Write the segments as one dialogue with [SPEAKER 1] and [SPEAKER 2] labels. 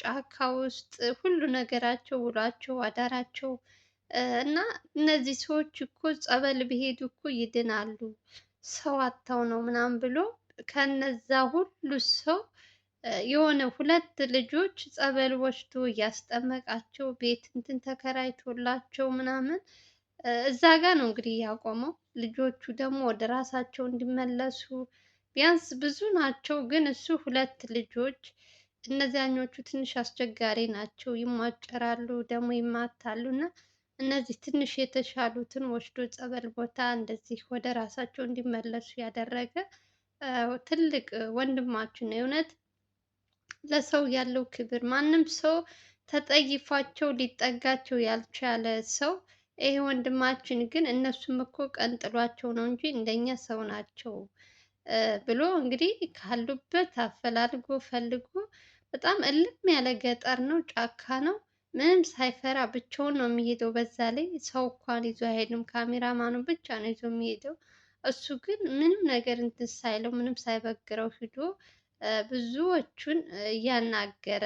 [SPEAKER 1] ጫካ ውስጥ ሁሉ ነገራቸው ውሏቸው አዳራቸው እና እነዚህ ሰዎች እኮ ጸበል ቢሄዱ እኮ ይድናሉ፣ ሰው አጥተው ነው ምናምን ብሎ ከነዛ ሁሉ ሰው የሆነ ሁለት ልጆች ጸበል ወስዶ እያስጠመቃቸው ቤት እንትን ተከራይቶላቸው ምናምን እዛ ጋ ነው እንግዲህ ያቆመው። ልጆቹ ደግሞ ወደ ራሳቸው እንዲመለሱ ቢያንስ ብዙ ናቸው፣ ግን እሱ ሁለት ልጆች እነዚያኞቹ ትንሽ አስቸጋሪ ናቸው፣ ይሟጨራሉ፣ ደግሞ ይማታሉ እና እነዚህ ትንሽ የተሻሉትን ወስዶ ጸበል ቦታ እንደዚህ ወደ ራሳቸው እንዲመለሱ ያደረገ ትልቅ ወንድማችን ነው። እውነት ለሰው ያለው ክብር ማንም ሰው ተጠይፏቸው ሊጠጋቸው ያልቻለ ሰው ይሄ ወንድማችን ግን እነሱም እኮ ቀን ጥሏቸው ነው እንጂ እንደኛ ሰው ናቸው ብሎ እንግዲህ ካሉበት አፈላልጎ ፈልጎ በጣም እልም ያለ ገጠር ነው፣ ጫካ ነው። ምንም ሳይፈራ ብቻውን ነው የሚሄደው። በዛ ላይ ሰው እንኳን ይዞ አይሄድም። ካሜራማኑ ብቻ ነው ይዞ የሚሄደው። እሱ ግን ምንም ነገር እንትን ሳይለው ምንም ሳይበግረው ሂዶ ብዙዎቹን እያናገረ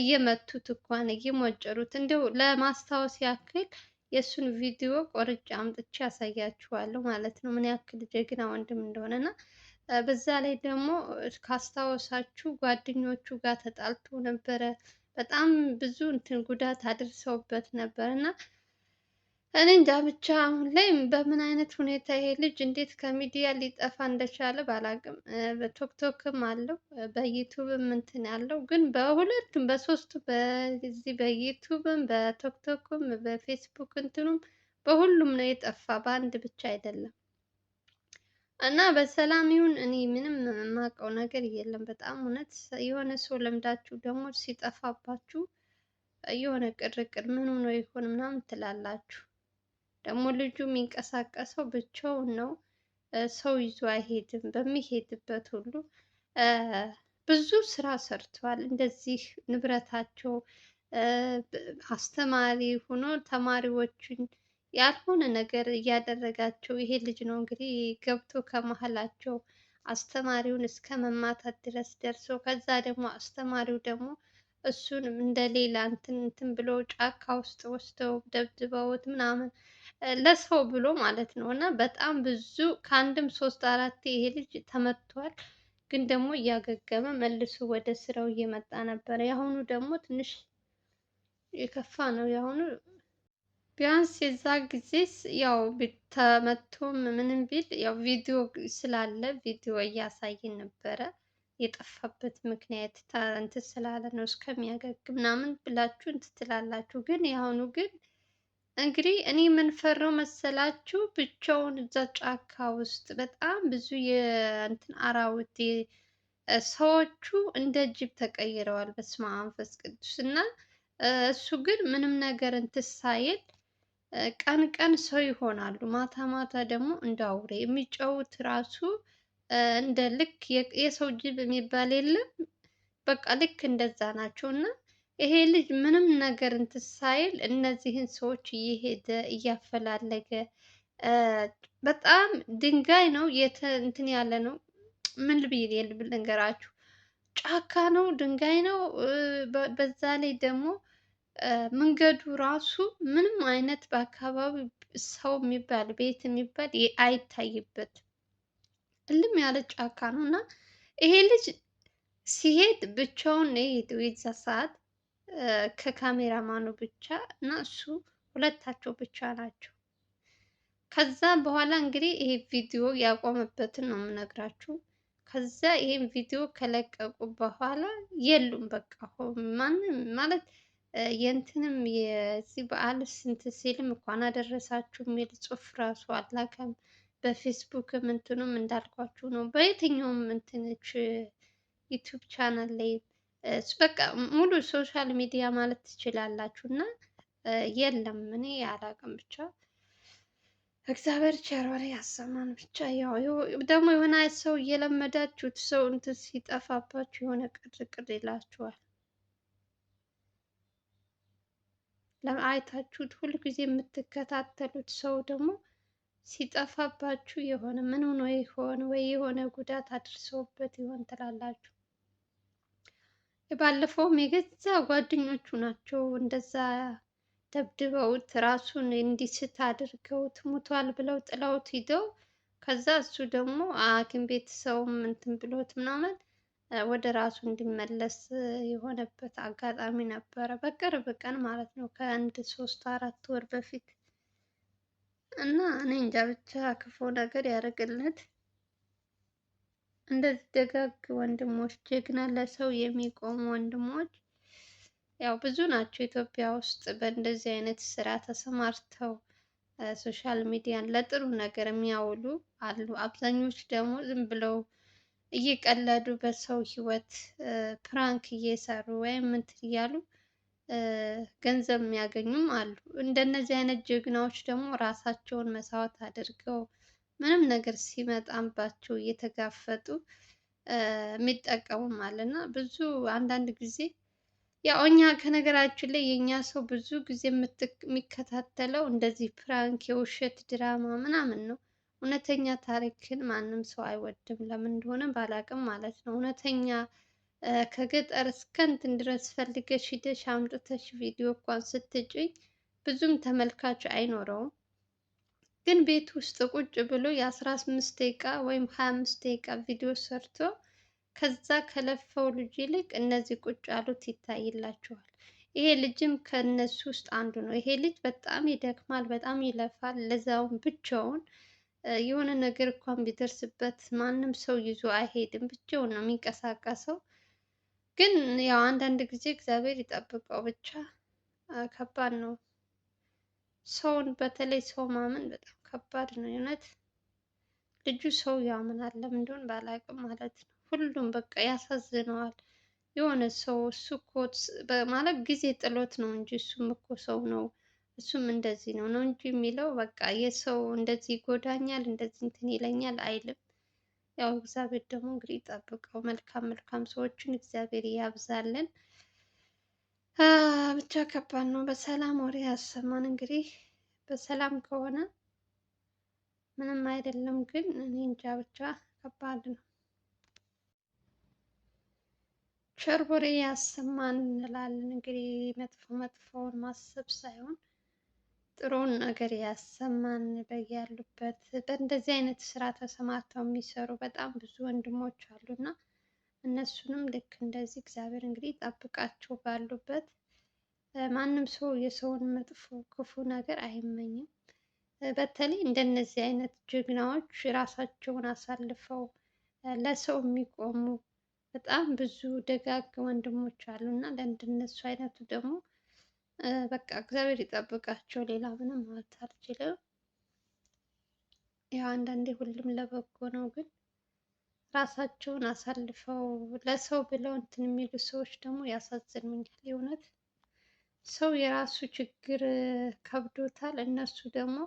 [SPEAKER 1] እየመቱት እንኳን እየሞጨሩት። እንደው ለማስታወስ ያክል የእሱን ቪዲዮ ቆርጬ አምጥቼ አሳያችኋለሁ ማለት ነው ምን ያክል ጀግና ወንድም እንደሆነ እና በዛ ላይ ደግሞ ካስታወሳችሁ ጓደኞቹ ጋር ተጣልቶ ነበረ። በጣም ብዙ እንትን ጉዳት አድርሰውበት ነበር እና እኔ እንጃ ብቻ አሁን ላይ በምን አይነት ሁኔታ ይሄ ልጅ እንዴት ከሚዲያ ሊጠፋ እንደቻለ ባላቅም፣ በቶክቶክም አለው በዩቱብም እንትን ያለው ግን በሁለቱም በሶስቱ በዚህ በዩቱብም በቶክቶክም በፌስቡክ እንትኑም በሁሉም ነው የጠፋ በአንድ ብቻ አይደለም። እና በሰላም ይሁን። እኔ ምንም የማውቀው ነገር የለም። በጣም እውነት የሆነ ሰው ለምዳችሁ ደግሞ ሲጠፋባችሁ የሆነ ቅርቅር ምን ሆኖ ይሆን ምናምን ትላላችሁ። ደግሞ ልጁ የሚንቀሳቀሰው ብቻውን ነው። ሰው ይዞ አይሄድም። በሚሄድበት ሁሉ ብዙ ስራ ሰርተዋል። እንደዚህ ንብረታቸው አስተማሪ ሆኖ ተማሪዎችን ያልሆነ ነገር እያደረጋቸው ይሄ ልጅ ነው እንግዲህ ገብቶ ከመሀላቸው አስተማሪውን እስከ መማታት ድረስ ደርሶ ከዛ ደግሞ አስተማሪው ደግሞ እሱን እንደሌላ እንትን እንትን ብሎ ጫካ ውስጥ ወስደው ደብድበውት ምናምን ለሰው ብሎ ማለት ነው። እና በጣም ብዙ ከአንድም ሶስት አራት ይሄ ልጅ ተመቷል። ግን ደግሞ እያገገመ መልሶ ወደ ስራው እየመጣ ነበረ። የአሁኑ ደግሞ ትንሽ የከፋ ነው የአሁኑ ቢያንስ የዛ ጊዜ ያው ተመቶም ምንም ቢል ያው ቪዲዮ ስላለ ቪዲዮ እያሳየን ነበረ። የጠፋበት ምክንያት ታንት ስላለ ነው እስከሚያገግም ምናምን ብላችሁ እንትን ትላላችሁ። ግን የአሁኑ ግን እንግዲህ እኔ የምንፈራው መሰላችሁ ብቻውን እዛ ጫካ ውስጥ በጣም ብዙ የእንትን አራዊት ሰዎቹ እንደ ጅብ ተቀይረዋል። በስመ አብ መንፈስ ቅዱስ እና እሱ ግን ምንም ነገር እንትን ሳይል ቀን ቀን ሰው ይሆናሉ፣ ማታ ማታ ደግሞ እንደ አውሬ የሚጫወት ራሱ እንደ ልክ የሰው ጅብ የሚባል የለም። በቃ ልክ እንደዛ ናቸው እና ይሄ ልጅ ምንም ነገር እንትን ሳይል እነዚህን ሰዎች እየሄደ እያፈላለገ በጣም ድንጋይ ነው እንትን ያለ ነው። ምን ልብል ልንገራችሁ፣ ጫካ ነው፣ ድንጋይ ነው። በዛ ላይ ደግሞ መንገዱ ራሱ ምንም አይነት በአካባቢው ሰው የሚባል ቤት የሚባል አይታይበት እልም ያለ ጫካ ነው እና ይሄ ልጅ ሲሄድ ብቻውን ነው የዛ ሰዓት ከካሜራማኑ ብቻ እና እሱ ሁለታቸው ብቻ ናቸው። ከዛ በኋላ እንግዲህ ይሄ ቪዲዮ ያቆመበትን ነው የምነግራችሁ። ከዛ ይሄን ቪዲዮ ከለቀቁ በኋላ የሉም በቃ ማንም ማለት የእንትንም የዚህ በዓል ስንት ሲልም እንኳን አደረሳችሁ የሚል ጽሑፍ ራሱ አላቀም። በፌስቡክም እንትኑም እንዳልኳችሁ ነው። በየትኛውም እንትንች ዩቱብ ቻናል ላይ በቃ ሙሉ ሶሻል ሚዲያ ማለት ትችላላችሁ እና የለም እኔ አላቅም ብቻ እግዚአብሔር ቸሮሬ ያሰማን። ብቻ ያው ደግሞ የሆነ ሰው እየለመዳችሁት ሰው እንትን ሲጠፋባችሁ የሆነ ቅር ቅር ይላችኋል። አይታችሁት ሁል ጊዜ የምትከታተሉት ሰው ደግሞ ሲጠፋባችሁ የሆነ ምን ሆኖ ይሆን ወይ የሆነ ጉዳት አድርሰውበት ይሆን ትላላችሁ። የባለፈውም የገዛ ጓደኞቹ ናቸው እንደዛ ደብድበውት ራሱን እንዲስት አድርገውት ሙቷል ብለው ጥለውት ሂደው ከዛ እሱ ደግሞ ሐኪም ቤት ሰውም እንትን ብሎት ምናምን ወደ ራሱ እንዲመለስ የሆነበት አጋጣሚ ነበረ። በቅርብ ቀን ማለት ነው፣ ከአንድ ሶስት አራት ወር በፊት እና እኔ እንጃ ብቻ ክፉ ነገር ያደርግለት። እንደዚህ ደጋግ ወንድሞች፣ ጀግና ለሰው የሚቆሙ ወንድሞች ያው ብዙ ናቸው ኢትዮጵያ ውስጥ በእንደዚህ አይነት ስራ ተሰማርተው ሶሻል ሚዲያን ለጥሩ ነገር የሚያውሉ አሉ። አብዛኞቹ ደግሞ ዝም ብለው እየቀለዱ በሰው ህይወት ፕራንክ እየሰሩ ወይም ምንት እያሉ ገንዘብ የሚያገኙም አሉ። እንደነዚህ አይነት ጀግናዎች ደግሞ ራሳቸውን መስዋዕት አድርገው ምንም ነገር ሲመጣባቸው እየተጋፈጡ የሚጠቀሙም አለ እና ብዙ አንዳንድ ጊዜ ያው እኛ ከነገራችን ላይ የእኛ ሰው ብዙ ጊዜ የሚከታተለው እንደዚህ ፕራንክ የውሸት ድራማ ምናምን ነው። እውነተኛ ታሪክን ማንም ሰው አይወድም። ለምን እንደሆነ ባላቅም ማለት ነው። እውነተኛ ከገጠር እስከ እንትን ድረስ ፈልገሽ ሂደሽ አምጥተሽ ቪዲዮ እንኳን ስትጭኝ ብዙም ተመልካች አይኖረውም። ግን ቤት ውስጥ ቁጭ ብሎ የአስራ አምስት ደቂቃ ወይም ሀያ አምስት ደቂቃ ቪዲዮ ሰርቶ ከዛ ከለፈው ልጅ ይልቅ እነዚህ ቁጭ ያሉት ይታይላቸዋል። ይሄ ልጅም ከእነሱ ውስጥ አንዱ ነው። ይሄ ልጅ በጣም ይደክማል፣ በጣም ይለፋል። ለዛውም ብቻውን የሆነ ነገር እንኳን ቢደርስበት ማንም ሰው ይዞ አይሄድም፣ ብቻውን ነው የሚንቀሳቀሰው። ግን ያው አንዳንድ ጊዜ እግዚአብሔር ይጠብቀው ብቻ ከባድ ነው። ሰውን በተለይ ሰው ማመን በጣም ከባድ ነው። የእውነት ልጁ ሰው ያምናል፣ ለምን እንደሆነ ባላውቅም ማለት ነው። ሁሉም በቃ ያሳዝነዋል። የሆነ ሰው እሱ እኮ ማለት ጊዜ ጥሎት ነው እንጂ እሱም እኮ ሰው ነው እሱም እንደዚህ ነው ነው እንጂ የሚለው በቃ የሰው እንደዚህ ይጎዳኛል፣ እንደዚህ እንትን ይለኛል አይልም። ያው እግዚአብሔር ደግሞ እንግዲህ ይጠብቀው። መልካም መልካም ሰዎችን እግዚአብሔር ያብዛልን። ብቻ ከባድ ነው። በሰላም ወሬ ያሰማን። እንግዲህ በሰላም ከሆነ ምንም አይደለም፣ ግን እኔ እንጃ ብቻ ከባድ ነው። ቸር ወሬ ያሰማን እንላለን። እንግዲህ መጥፎ መጥፎውን ማሰብ ሳይሆን ጥሩን ነገር ያሰማን። በያሉበት በእንደዚህ አይነት ስራ ተሰማርተው የሚሰሩ በጣም ብዙ ወንድሞች አሉና እነሱንም ልክ እንደዚህ እግዚአብሔር እንግዲህ ጠብቃቸው ባሉበት። ማንም ሰው የሰውን መጥፎ ክፉ ነገር አይመኝም። በተለይ እንደነዚህ አይነት ጀግናዎች ራሳቸውን አሳልፈው ለሰው የሚቆሙ በጣም ብዙ ደጋግ ወንድሞች አሉ እና ለእንደነሱ አይነቱ ደግሞ በቃ እግዚአብሔር ይጠብቃቸው። ሌላ ምንም ማለት አልችልም። ያው አንዳንዴ ሁሉም ለበጎ ነው፣ ግን ራሳቸውን አሳልፈው ለሰው ብለው እንትን የሚሉ ሰዎች ደግሞ ያሳዝኑኛል። የእውነት ሰው የራሱ ችግር ከብዶታል፣ እነሱ ደግሞ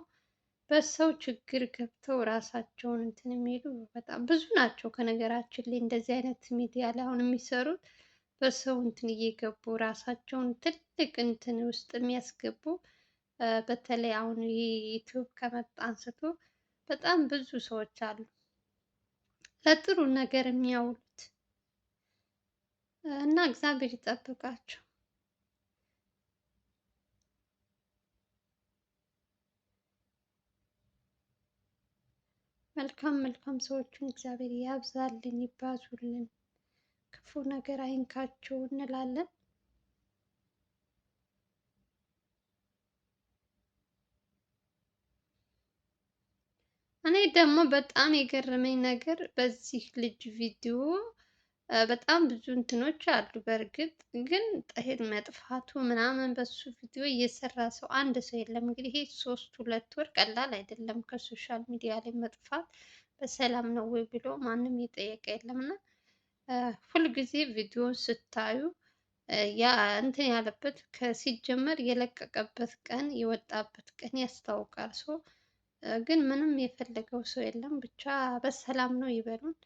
[SPEAKER 1] በሰው ችግር ገብተው ራሳቸውን እንትን የሚሉ በጣም ብዙ ናቸው። ከነገራችን ላይ እንደዚህ አይነት ሚዲያ ላይ አሁን የሚሰሩት በሰው እንትን እየገቡ ራሳቸውን ትልቅ እንትን ውስጥ የሚያስገቡ በተለይ አሁን ይሄ ዩቲዩብ ከመጣ አንስቶ በጣም ብዙ ሰዎች አሉ ለጥሩ ነገር የሚያውሉት እና እግዚአብሔር ይጠብቃቸው። መልካም መልካም ሰዎችን እግዚአብሔር ያብዛልን፣ ይባዙልን። ክፉ ነገር አይንካችሁ እንላለን። እኔ ደግሞ በጣም የገረመኝ ነገር በዚህ ልጅ ቪዲዮ በጣም ብዙ እንትኖች አሉ። በእርግጥ ግን ጥሄን መጥፋቱ ምናምን በሱ ቪዲዮ እየሰራ ሰው አንድ ሰው የለም። እንግዲህ ይሄ ሶስት ሁለት ወር ቀላል አይደለም። ከሶሻል ሚዲያ ላይ መጥፋት በሰላም ነው ወይ ብሎ ማንም የጠየቀ የለም እና ሁልጊዜ ቪዲዮ ስታዩ ያ እንትን ያለበት ከሲጀመር የለቀቀበት ቀን የወጣበት ቀን ያስታውቃል። ሰው ግን ምንም የፈለገው ሰው የለም። ብቻ በሰላም ነው ይበሉን፣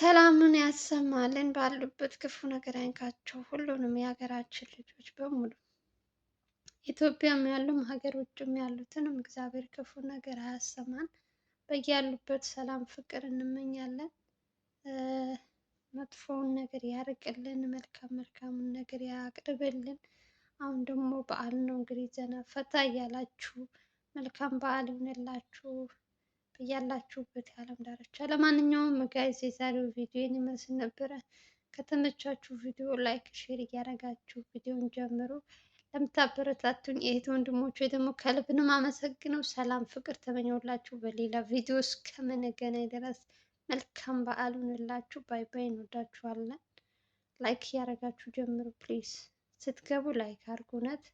[SPEAKER 1] ሰላምን ያሰማልን። ባሉበት ክፉ ነገር አይንካቸው። ሁሉንም የሀገራችን ልጆች በሙሉ ኢትዮጵያም ያሉም ሀገሮችም ያሉትንም እግዚአብሔር ክፉ ነገር አያሰማን። በያሉበት ሰላም ፍቅር እንመኛለን። መጥፎውን ነገር ያርቅልን፣ መልካም መልካሙን ነገር ያቅርብልን። አሁን ደግሞ በዓል ነው እንግዲህ ዘና ፈታ እያላችሁ መልካም በዓል ይሁንላችሁ እያላችሁበት የዓለም ዳርቻ። ለማንኛውም ጋይዝ የዛሬው ቪዲዮ ይመስል ነበረ። ከተመቻችሁ ቪዲዮ ላይክ፣ ሼር እያደረጋችሁ ቪዲዮን ጀምሩ። ለምታበረታቱኝ እህት ወንድሞቼ ደግሞ ከልብ አመሰግነው ሰላም ፍቅር ተመኘሁላችሁ። በሌላ ቪዲዮ እስከምንገናኝ ድረስ መልካም በዓል ሁንላችሁ። ባይ ባይ። እንወዳችኋለን። ላይክ እያደረጋችሁ ጀምሩ ፕሊዝ። ስትገቡ ላይክ አድርጉ እውነት